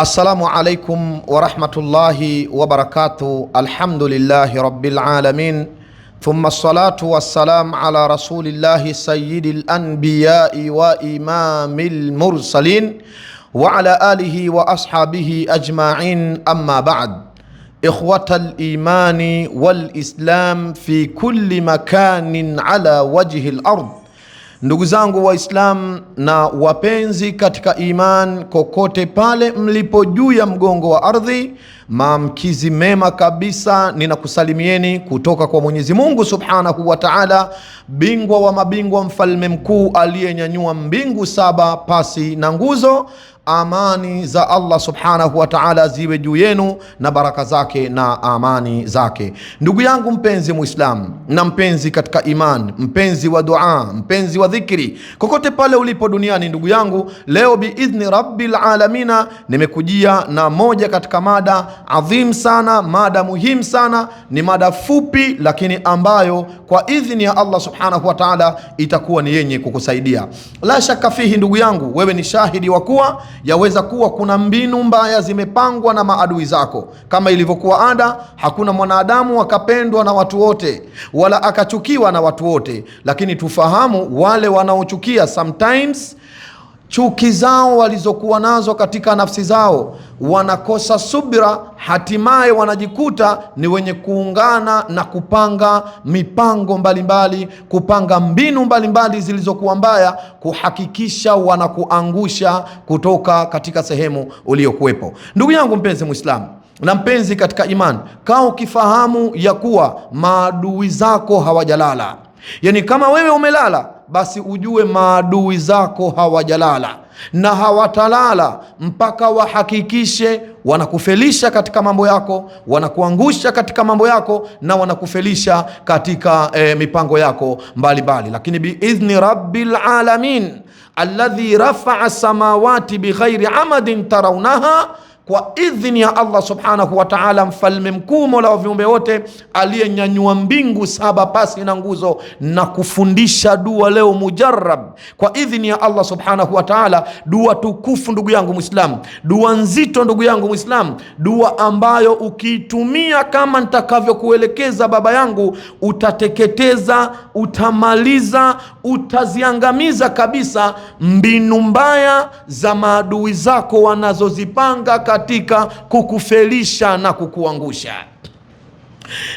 السلام عليكم ورحمة الله وبركاته الحمد لله رب العالمين ثم الصلاة والسلام على رسول الله سيد الأنبياء وإمام المرسلين وعلى آله وأصحابه أجمعين أما بعد إخوة الإيمان والإسلام في كل مكان على وجه الأرض Ndugu zangu Waislamu na wapenzi katika iman, kokote pale mlipo juu ya mgongo wa ardhi, maamkizi mema kabisa ninakusalimieni kutoka kwa Mwenyezi Mungu Subhanahu wa Ta'ala, bingwa wa mabingwa, mfalme mkuu aliyenyanyua mbingu saba pasi na nguzo Amani za Allah subhanahu wa ta'ala ziwe juu yenu na baraka zake na amani zake. Ndugu yangu mpenzi Muislamu na mpenzi katika iman, mpenzi wa dua, mpenzi wa dhikri, kokote pale ulipo duniani, ndugu yangu, leo biidhni rabbil alamina, nimekujia na moja katika mada adhim sana, mada muhimu sana. Ni mada fupi, lakini ambayo kwa idhni ya Allah subhanahu wa ta'ala itakuwa ni yenye kukusaidia. La shaka fihi, ndugu yangu, wewe ni shahidi wa kuwa Yaweza kuwa kuna mbinu mbaya zimepangwa na maadui zako, kama ilivyokuwa ada. Hakuna mwanadamu akapendwa na watu wote, wala akachukiwa na watu wote, lakini tufahamu wale wanaochukia sometimes chuki zao walizokuwa nazo katika nafsi zao, wanakosa subira hatimaye wanajikuta ni wenye kuungana na kupanga mipango mbalimbali mbali, kupanga mbinu mbalimbali zilizokuwa mbaya kuhakikisha wanakuangusha kutoka katika sehemu uliyokuwepo. Ndugu yangu mpenzi Muislamu na mpenzi katika imani, kaa ukifahamu ya kuwa maadui zako hawajalala, yaani kama wewe umelala basi ujue maadui zako hawajalala na hawatalala mpaka wahakikishe wanakufelisha katika mambo yako, wanakuangusha katika mambo yako, na wanakufelisha katika e, mipango yako mbalimbali. Lakini biidhni rabbil alamin alladhi rafaa samawati bighairi amadin tarawnaha kwa idhini ya Allah subhanahu wa ta'ala, mfalme mkuu, mola wa viumbe wote, aliyenyanyua mbingu saba pasi na nguzo na kufundisha dua leo mujarrab, kwa idhini ya Allah subhanahu wa ta'ala, dua tukufu, ndugu yangu mwislamu dua nzito, ndugu yangu mwislamu dua ambayo ukiitumia kama nitakavyokuelekeza baba yangu, utateketeza, utamaliza, utaziangamiza kabisa mbinu mbaya za maadui zako wanazozipanga katika kukufelisha na kukuangusha.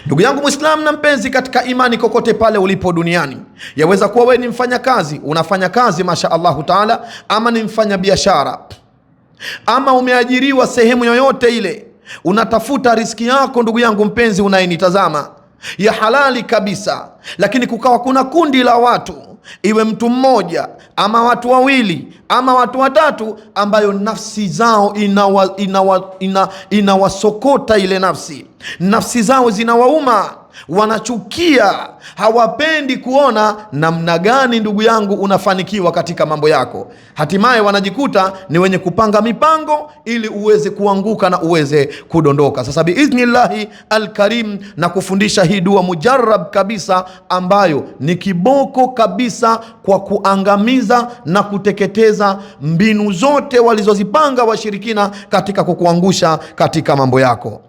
Ndugu yangu Mwislamu na mpenzi katika imani, kokote pale ulipo duniani, yaweza kuwa wewe ni mfanyakazi, unafanya kazi masha Allahu taala, ama ni mfanya biashara, ama umeajiriwa sehemu yoyote ile, unatafuta riski yako, ndugu yangu mpenzi unayenitazama, ya halali kabisa, lakini kukawa kuna kundi la watu iwe mtu mmoja ama watu wawili ama watu watatu, ambayo nafsi zao inawasokota inawa, inawa, inawa ile nafsi nafsi zao zinawauma wanachukia, hawapendi kuona namna gani ndugu yangu unafanikiwa katika mambo yako. Hatimaye wanajikuta ni wenye kupanga mipango ili uweze kuanguka na uweze kudondoka. Sasa biidhnillahi alkarim, na kufundisha hii dua mujarab kabisa, ambayo ni kiboko kabisa kwa kuangamiza na kuteketeza mbinu zote walizozipanga washirikina katika kukuangusha katika mambo yako.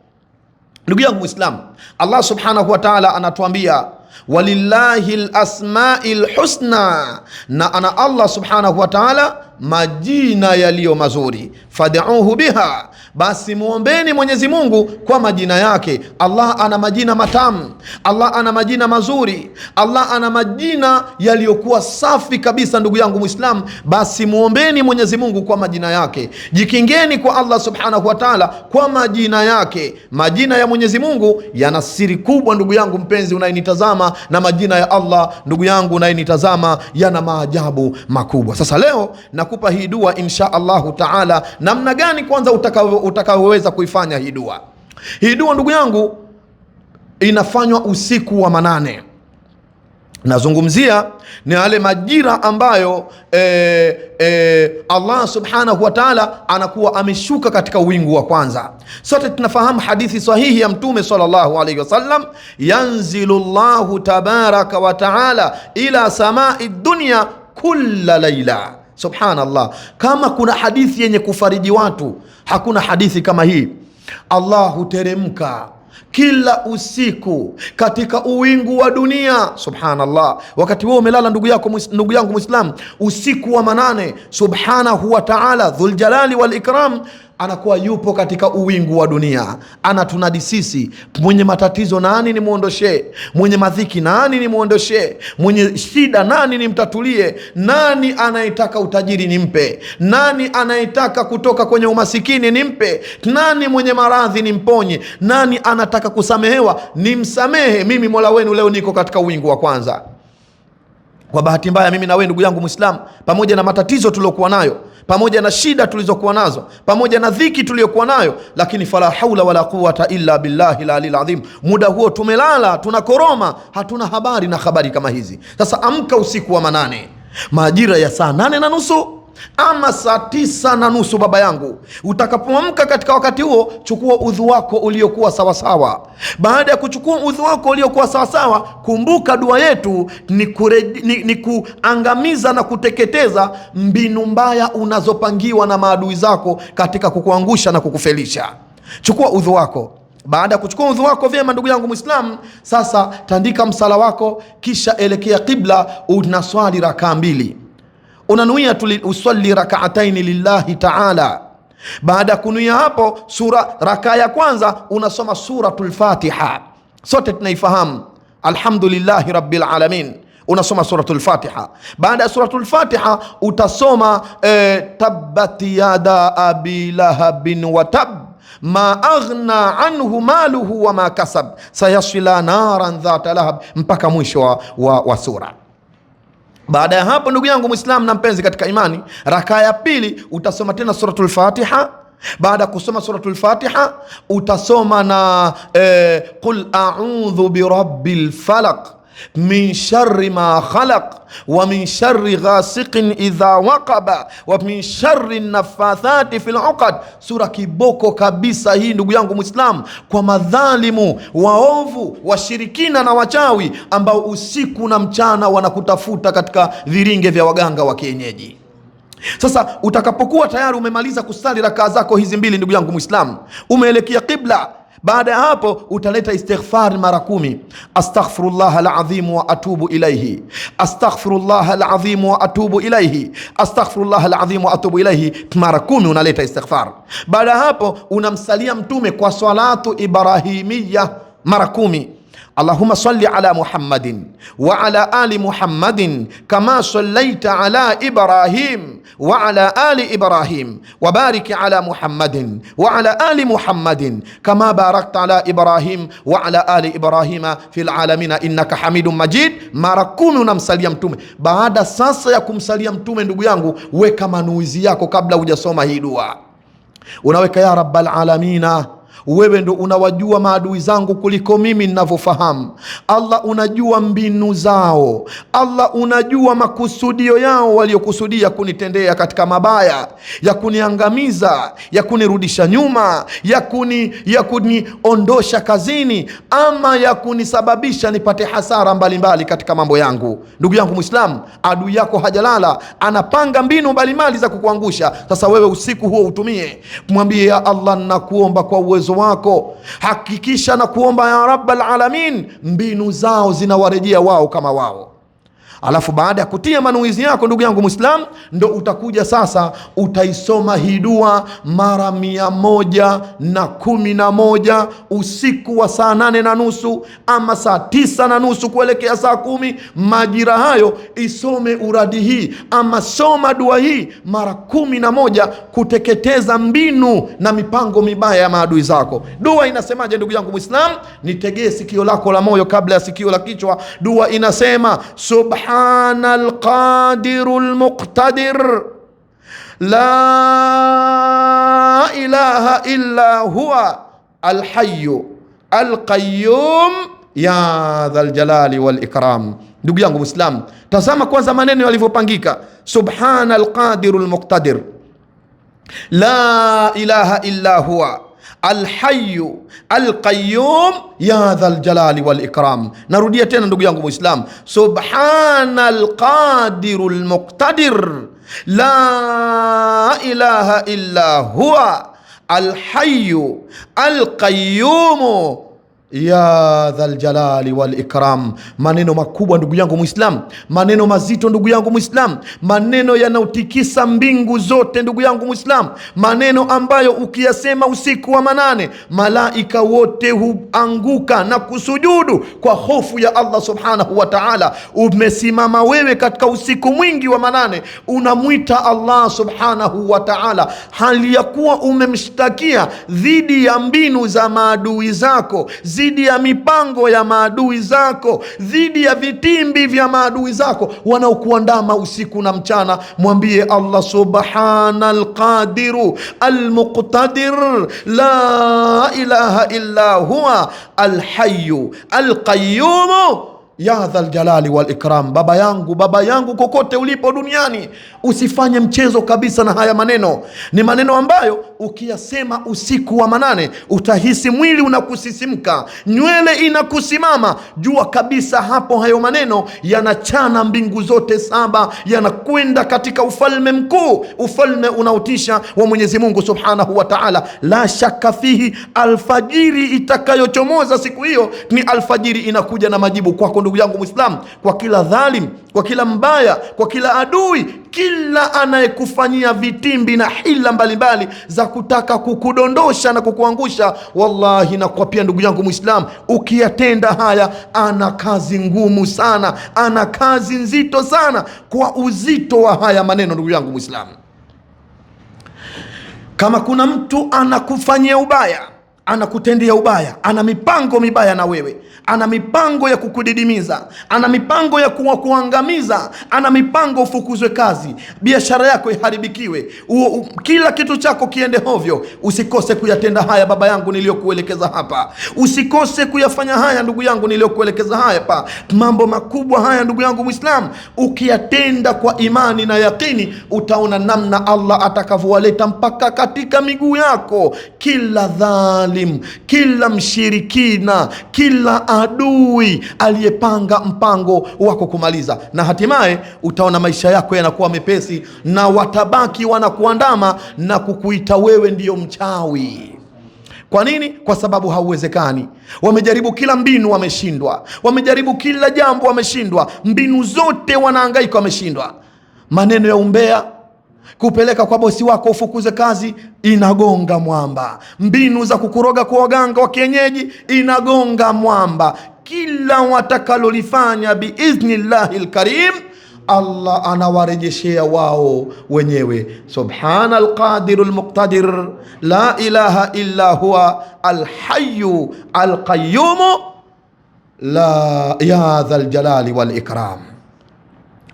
Ndugu yangu Muislamu, Allah subhanahu wa taala anatuambia walillahi lasmail lhusna na ana Allah subhanahu wa taala majina yaliyo mazuri, fad'uhu biha, basi muombeni Mwenyezi Mungu kwa majina yake. Allah ana majina matamu, Allah ana majina mazuri, Allah ana majina yaliyokuwa safi kabisa. Ndugu yangu Muislam, basi muombeni Mwenyezi Mungu kwa majina yake, jikingeni kwa Allah subhanahu wa ta'ala kwa majina yake. Majina ya Mwenyezi Mungu yana siri kubwa, ndugu yangu mpenzi unayenitazama, na majina ya Allah, ndugu yangu unayenitazama, yana maajabu makubwa. Sasa leo na nitakupa hii dua insha Allahu taala, namna gani kwanza utakaoweza kuifanya hii dua. Hii dua ndugu yangu inafanywa usiku wa manane. Nazungumzia ni yale majira ambayo e, e, Allah subhanahu wa taala anakuwa ameshuka katika wingu wa kwanza. Sote tunafahamu hadithi sahihi ya Mtume sallallahu alaihi wasallam, yanzilu llahu tabaraka wa taala ila samai dunya kulla laila Subhanallah, kama kuna hadithi yenye kufariji watu, hakuna hadithi kama hii. Allah huteremka kila usiku katika uwingu wa dunia. Subhanallah, wakati wewe umelala ndugu yako, ndugu yangu muislam usiku wa manane, subhanahu wa taala dhuljalali wal ikram anakuwa yupo katika uwingu wa dunia, anatunadi sisi, mwenye matatizo nani nimwondoshee? Mwenye madhiki nani nimwondoshee? Mwenye shida nani nimtatulie? Nani anayetaka utajiri nimpe? Nani anayetaka kutoka kwenye umasikini nimpe? Nani mwenye maradhi nimponye? Nani anataka kusamehewa nimsamehe? Mimi mola wenu leo niko katika uwingu wa kwanza. Kwa bahati mbaya, mimi na wewe ndugu yangu Mwislamu, pamoja na matatizo tuliokuwa nayo pamoja na shida tulizokuwa nazo, pamoja na dhiki tuliyokuwa nayo, lakini fala haula wala quwata illa billahi lalil adhim. Muda huo tumelala, tunakoroma, hatuna habari na habari kama hizi. Sasa amka usiku wa manane, majira ya saa nane na nusu ama saa tisa na nusu baba yangu. Utakapoamka katika wakati huo, chukua udhu wako uliokuwa sawasawa. Baada ya kuchukua udhu wako uliokuwa sawasawa, kumbuka dua yetu ni, kure, ni, ni kuangamiza na kuteketeza mbinu mbaya unazopangiwa na maadui zako katika kukuangusha na kukufelisha. Chukua udhu wako. Baada ya kuchukua udhu wako vyema, ndugu yangu Mwislamu, sasa tandika msala wako, kisha elekea kibla, unaswali rakaa mbili unanuia usalli rakaataini lillahi taala. Baada ya kunuia hapo, sura rakaa ya kwanza unasoma suratul Fatiha, sote tunaifahamu alhamdulillahi rabbil alamin. Unasoma suratul Fatiha. Baada ya suratul Fatiha utasoma eh, tabbat yada abi lahabin watab ma aghna anhu maluhu wa ma kasab sayasla naran dhata lahab, mpaka mwisho wa, wa, wa sura. Baada ya hapo, ndugu yangu Muislamu na mpenzi katika imani, rakaa ya pili utasoma tena suratul Fatiha. Baada ya kusoma suratul Fatiha utasoma na eh, qul a'udhu birabbil falaq min sharri ma khalaq wa min sharri ghasiqin idha waqaba wa min sharri nafathati fil uqad. Sura kiboko kabisa hii, ndugu yangu Muislamu, kwa madhalimu waovu, washirikina na wachawi ambao usiku na mchana wanakutafuta katika viringe vya waganga wa kienyeji. Sasa utakapokuwa tayari umemaliza kusali rakaa zako hizi mbili, ndugu yangu mwislamu umeelekea kibla baada ya hapo utaleta istighfar mara kumi, astaghfirullah alazim wa atubu ilaihi, astaghfirullah alazim wa atubu ilaihi, astaghfirullah alazim wa atubu ilaihi. Mara kumi unaleta istighfar. Baada ya hapo unamsalia Mtume kwa salatu ibrahimiya mara kumi. Allahumma salli ala Muhammadin wa ala ali Muhammadin kama sallaita ala Ibrahim wa ala ali Ibrahim wa barik ala Muhammadin wa ala ali Muhammadin kama barakta ala Ibrahim wa ala ali Ibrahima fil alamina innaka Hamidum Majid. Mara kumi unamsalia Mtume. Baada sasa ya kumsalia Mtume, ndugu yangu, weka manuizi yako kabla hujasoma hii dua, unaweka ya rabbal alamina wewe ndo unawajua maadui zangu kuliko mimi ninavyofahamu. Allah unajua mbinu zao, Allah unajua makusudio yao waliokusudia kunitendea katika mabaya ya kuniangamiza, ya kunirudisha nyuma, ya kuni ya kuniondosha kazini, ama ya kunisababisha nipate hasara mbalimbali mbali katika mambo yangu. Ndugu yangu Mwislamu, adui yako hajalala, anapanga mbinu mbalimbali za kukuangusha. Sasa wewe usiku huo utumie, mwambie ya Allah, nakuomba kwa uwezo uwezo wako, hakikisha na kuomba ya rabbal alamin, mbinu zao zinawarejea wao kama wao Alafu baada ya kutia manuizi yako, ndugu yangu Muislamu, ndo utakuja sasa utaisoma hii dua mara mia moja na kumi na moja usiku wa saa nane na nusu ama saa tisa na nusu kuelekea saa kumi majira hayo, isome uradi hii ama soma dua hii mara kumi na moja kuteketeza mbinu na mipango mibaya ya maadui zako. Dua inasemaje, ndugu yangu Muislamu? Nitegee sikio lako la moyo kabla ya sikio la kichwa. Dua inasema subha سبحان القادر المقتدر لا اله الا هو الحي القيوم ya dhal jalali wal ikram. Ndugu yangu Muislam, tazama kwanza maneno yalivyopangika: subhanal qadirul muqtadir la ilaha illa huwa الحي القيوم يا ذا الجلال والإكرام نرديه تاني ndugu yangu muislam سبحان القادر المقتدر لا إله إلا هو الحي القيوم ya dhal jalali wal ikram. Maneno makubwa ndugu yangu Muislam, maneno mazito ndugu yangu Muislam, maneno yanaotikisa mbingu zote ndugu yangu Muislam, maneno ambayo ukiyasema usiku wa manane malaika wote huanguka na kusujudu kwa hofu ya Allah subhanahu wa ta'ala. Umesimama wewe katika usiku mwingi wa manane unamwita Allah subhanahu wa ta'ala, hali ya kuwa umemshtakia dhidi ya mbinu za maadui zako Z dhidi ya mipango ya maadui zako, dhidi ya vitimbi vya maadui zako wanaokuandama usiku na mchana. Mwambie Allah subhana lqadiru almuqtadir la ilaha illa huwa alhayu alqayumu ya dhal jalali wal ikram, baba yangu, baba yangu kokote ulipo duniani, usifanye mchezo kabisa na haya maneno. Ni maneno ambayo ukiyasema usiku wa manane utahisi mwili unakusisimka, nywele inakusimama, jua kabisa hapo hayo maneno yanachana mbingu zote saba, yanakwenda katika ufalme mkuu, ufalme unaotisha wa Mwenyezi Mungu subhanahu wa taala. La shaka fihi, alfajiri itakayochomoza siku hiyo ni alfajiri inakuja na majibu kwako ndugu yangu Muislamu, kwa kila dhalim, kwa kila mbaya, kwa kila adui, kila anayekufanyia vitimbi na hila mbalimbali mbali za kutaka kukudondosha na kukuangusha, wallahi nakuapia ndugu yangu Muislamu, ukiyatenda haya, ana kazi ngumu sana, ana kazi nzito sana kwa uzito wa haya maneno, ndugu yangu Muislamu. Kama kuna mtu anakufanyia ubaya anakutendea ubaya, ana mipango mibaya na wewe, ana mipango ya kukudidimiza, ana mipango ya kuwa kuangamiza, ana mipango ufukuzwe kazi, biashara yako iharibikiwe, kila kitu chako kiende hovyo. Usikose kuyatenda haya baba yangu niliyokuelekeza hapa, usikose kuyafanya haya ndugu yangu niliyokuelekeza haya hapa. Mambo makubwa haya ndugu yangu Muislamu, ukiyatenda kwa imani na yakini, utaona namna Allah atakavyowaleta mpaka katika miguu yako kila dhali dhalimu, kila mshirikina, kila adui aliyepanga mpango wa kukumaliza, na hatimaye utaona maisha yako yanakuwa mepesi, na watabaki wanakuandama na kukuita wewe ndiyo mchawi. Kwa nini? Kwa sababu hauwezekani. Wamejaribu kila mbinu, wameshindwa. Wamejaribu kila jambo, wameshindwa. Mbinu zote wanahangaika, wameshindwa. Maneno ya umbea kupeleka kwa bosi wako ufukuze kazi, inagonga mwamba. Mbinu za kukuroga kwa waganga wa kienyeji, inagonga mwamba. Kila watakalolifanya biidhnillahi lkarim, Allah anawarejeshea wao wenyewe. Subhana lqadiru lmuqtadir la ilaha illa huwa alhayu alqayumu la ya dhaljalali ljalali walikram.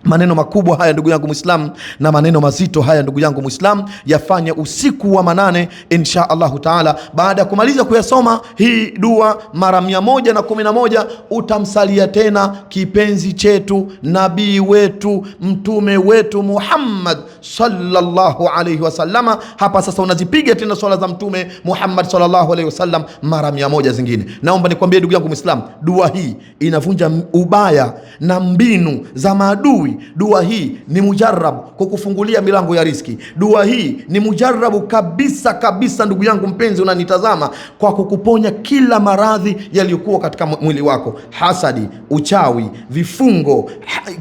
Maneno makubwa haya ndugu yangu mwislam na maneno mazito haya ndugu yangu mwislam yafanye usiku wa manane insha Allahu taala. Baada ya kumaliza kuyasoma hii dua mara mia moja na kumi na moja utamsalia tena kipenzi chetu nabii wetu mtume wetu Muhammad sallallahu alaihi wasallama. Hapa sasa unazipiga tena swala za mtume Muhammad sallallahu alaihi wasallam mara mia moja zingine. Naomba nikwambie ndugu yangu mwislam dua hii inavunja ubaya na mbinu za maadui Dua hii ni mujarabu kukufungulia milango ya riski. Dua hii ni mujarabu kabisa kabisa, ndugu yangu mpenzi unanitazama, kwa kukuponya kila maradhi yaliyokuwa katika mwili wako, hasadi, uchawi, vifungo,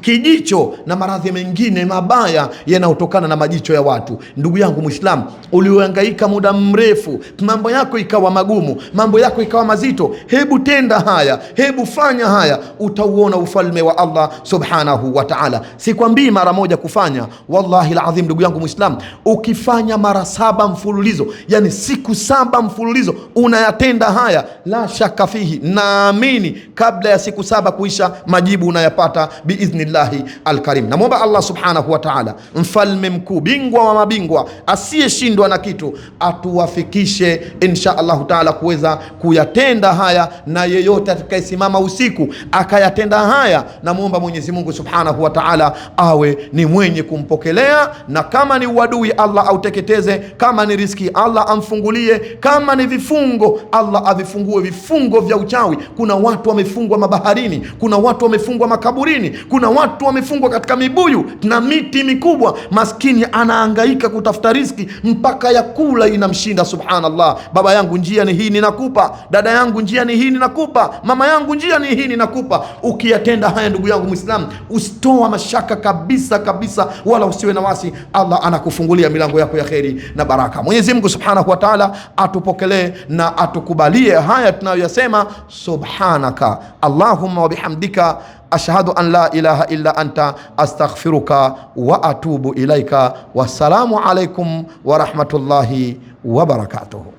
kijicho na maradhi mengine mabaya yanayotokana na majicho ya watu. Ndugu yangu Muislamu, uliohangaika muda mrefu, mambo yako ikawa magumu, mambo yako ikawa mazito, hebu tenda haya, hebu fanya haya, utauona ufalme wa Allah subhanahu wa ta'ala ta'ala. Sikwambii mara moja kufanya, wallahi alazim, ndugu yangu Muislam, ukifanya mara saba mfululizo, yani siku saba mfululizo unayatenda haya, la shaka fihi, naamini kabla ya siku saba kuisha, majibu unayapata biidhnillahi alkarim. Namwomba Allah subhanahu wa ta'ala, mfalme mkuu, bingwa wa mabingwa, asiyeshindwa na kitu, atuwafikishe insha Allahu taala kuweza kuyatenda haya, na yeyote atakayesimama usiku akayatenda haya, namwomba Mwenyezi Mungu subhanahu wa ta'ala taala awe ni mwenye kumpokelea, na kama ni uadui Allah auteketeze, kama ni riski Allah amfungulie, kama ni vifungo Allah avifungue vifungo vya uchawi. Kuna watu wamefungwa mabaharini, kuna watu wamefungwa makaburini, kuna watu wamefungwa katika mibuyu na miti mikubwa. Maskini anaangaika kutafuta riski mpaka ya kula inamshinda. Subhanallah, baba yangu njia ni hii ninakupa, dada yangu njia ni hii ninakupa, mama yangu njia ni hii ninakupa. Ukiyatenda haya ndugu yangu Muislamu, usitoa mashaka kabisa kabisa, wala usiwe na wasi. Allah anakufungulia milango yako ya kheri na baraka. Mwenyezi Mungu subhanahu wa taala atupokelee na atukubalie haya tunayoyasema. Subhanaka allahumma wa bihamdika ashhadu an la ilaha illa anta astaghfiruka wa atubu ilaika. Wassalamu alaikum wa rahmatullahi wa barakatuh.